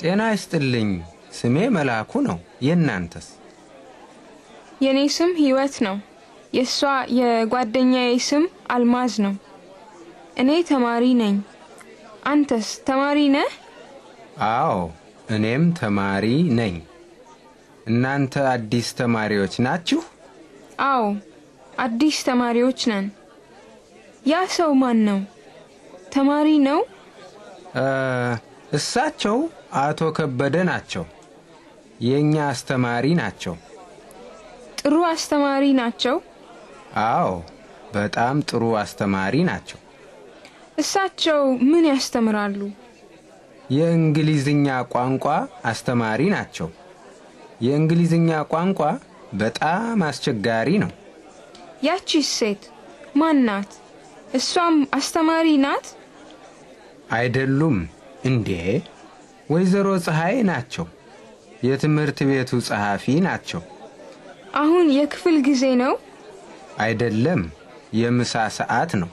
ጤና ይስጥልኝ። ስሜ መልአኩ ነው። የእናንተስ? የእኔ ስም ህይወት ነው። የእሷ የጓደኛዬ ስም አልማዝ ነው። እኔ ተማሪ ነኝ። አንተስ ተማሪ ነህ? አዎ፣ እኔም ተማሪ ነኝ። እናንተ አዲስ ተማሪዎች ናችሁ? አዎ፣ አዲስ ተማሪዎች ነን። ያ ሰው ማን ነው? ተማሪ ነው? እሳቸው አቶ ከበደ ናቸው። የእኛ አስተማሪ ናቸው። ጥሩ አስተማሪ ናቸው። አዎ፣ በጣም ጥሩ አስተማሪ ናቸው። እሳቸው ምን ያስተምራሉ? የእንግሊዝኛ ቋንቋ አስተማሪ ናቸው። የእንግሊዝኛ ቋንቋ በጣም አስቸጋሪ ነው። ያቺ ሴት ማን ናት? እሷም አስተማሪ ናት? አይደሉም። እንዴ ወይዘሮ ፀሐይ ናቸው። የትምህርት ቤቱ ጸሐፊ ናቸው። አሁን የክፍል ጊዜ ነው አይደለም፣ የምሳ ሰዓት ነው።